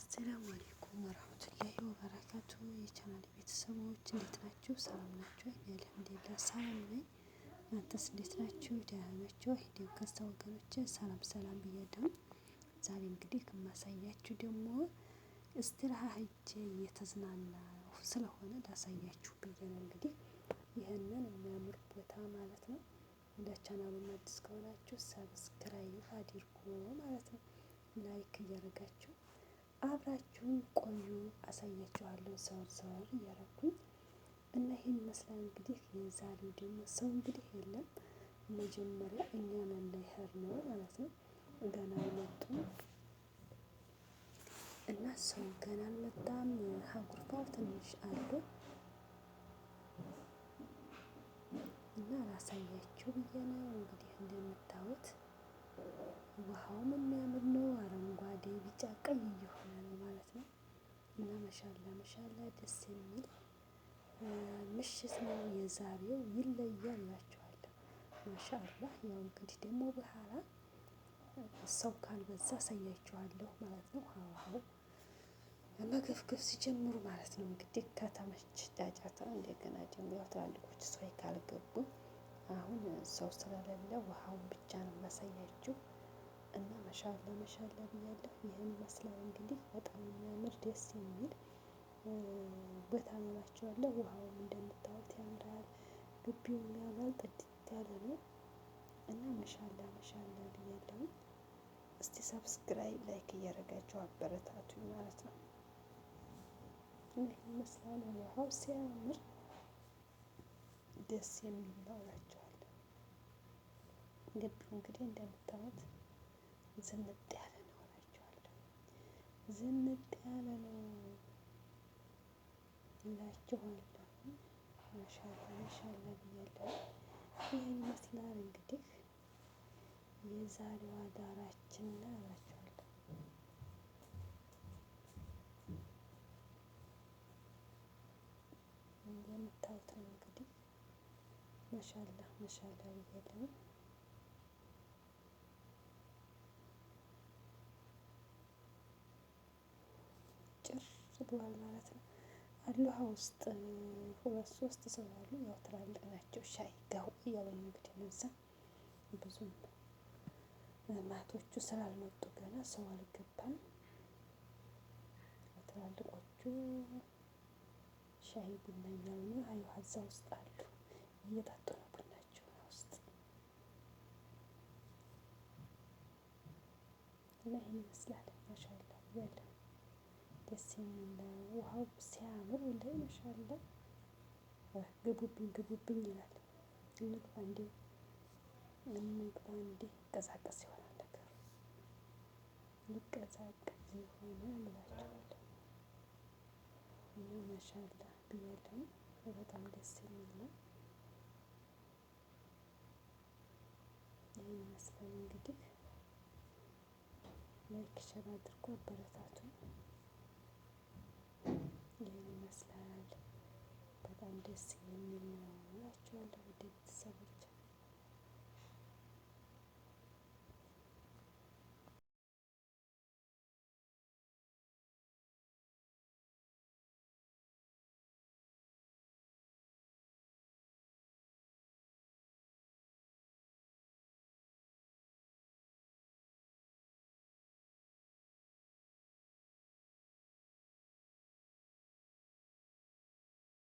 አሰላሙ አሌይኩም ወራህመቱላሂ ወበረካቱ የቻናል ቤተሰቦች እንዴት ናችሁ? ሰላም ናችሁ? አልሐምዱሊላህ ሰላም ነኝ። እናንተስ እንዴት ናችሁ? ደህና ናችሁ? እንዲሁም ከስታ ወገኖች ሰላም ሰላም ብያለሁ። ዛሬ እንግዲህ ከማሳያችሁ ደግሞ እስትራሃ ሂጄ እየተዝናና ስለሆነ ላሳያችሁ ብዬ ነው። እንግዲህ ይህንን የሚያምር ቦታ ማለት ነው። እንደ ቻናሉ አዲስ ከሆናችሁ ሰብስክራይብ አድርጎ ማለት ነው ላይክ እያደረጋችሁ አብራችሁን ቆዩ፣ አሳያችኋለሁ። ሰውን ሰውን እያረኩኝ እና ይህን ይመስላል እንግዲህ የዛሬው ደግሞ ሰው እንግዲህ የለም መጀመሪያ እኛ እንዳይሄድ ነው ማለት ነው። ገና አልመጡም እና ሰው ገና አልመጣም። ሀጉርፋ ትንሽ አለ እና አላሳያችሁ ብዬ ነው እንግዲህ እንደምታዩት ውሃውም የሚያምር ነው። አረንጓዴ፣ ቢጫ፣ ቀይ እየሆነ መሻላ መሻላ ደስ የሚል ምሽት ነው የዛሬው ይለያል እላችኋለሁ። ማሻአላ ያው እንግዲህ ደግሞ በኋላ ሰው ካልበዛ አሳያችኋለሁ ማለት ነው። ሀዋሀው መገፍገፍ ሲጀምሩ ማለት ነው እንግዲህ ከተመች ጫጫታ እንደገና ጀምሮ ትላልቆች ሰው ካልገቡ አሁን ሰው ስለሌለ ውሃውን ብቻ ነው ማሳያችሁ። እና ማሻላ ማሻላ ብያለሁ። ይህን ይመስላል እንግዲህ በጣም የሚያምር ደስ የሚል ቦታ ነው ውሃውም እንደምታዩት ያምራል፣ ግቢውም ያምራል፣ ጥድት ያለ ነው እና ማሻላ ማሻላ ብያለሁ። እስቲ ሰብስክራይብ፣ ላይክ እያደረጋችሁ አበረታቱ ማለት ነው። ይህ ይመስላል ውሃው ሲያምር ደስ የሚል ነው እላቸዋለሁ። ግቢው እንግዲህ እንደምታዩት ዝንጥ ያለ ነው እላችኋለሁ። ዝንጥ ያለ ነው እላችኋለሁ። ማሻላ ማሻላ ብያለሁ። ይህን ይመስላል እንግዲህ የዛሬዋ ዳራችን እላችኋለሁ። እንደምታዩት ነው እንግዲህ ማሻላ ማሻላ ብያለሁ። ጭር ብሏል ማለት ነው። አሉሀ ውስጥ ሁለት ሶስት ሰው አሉ። ያው ትላልቅ ናቸው። ሻይ ጋው እያሉ ነው እንግዲህ እነዛ ብዙም እናቶቹ ስላልመጡ ገና ሰው አልገባም። ትላልቆቹ ሻይ ቡና እያሉ ነው። አዩ ሀዛ ውስጥ አሉ እየጠጡ ነው ቡናቸው ውስጥ እና ይህን ይመስላል ማሻላ ያለ ደስ የሚል ውሃው ሲያምር ወላሂ ማሻአላ ግቡብኝ ግቡብኝ ይላል። እንግባ እንዴ እንግባ እንዴ ይቀዛቀዝ ይሆናል ነገር ሊቀዛቀዝ ይሆናል እላቸዋለሁ። እና ማሻአላ ብያለሁ። በጣም ደስ የሚል ነው። ይህን ይመስላል እንግዲህ ላይክ ሸር አድርጎ አበረታቱ። ደስ የሚል ነው እላችኋለሁ። ውድ ቤተሰቦች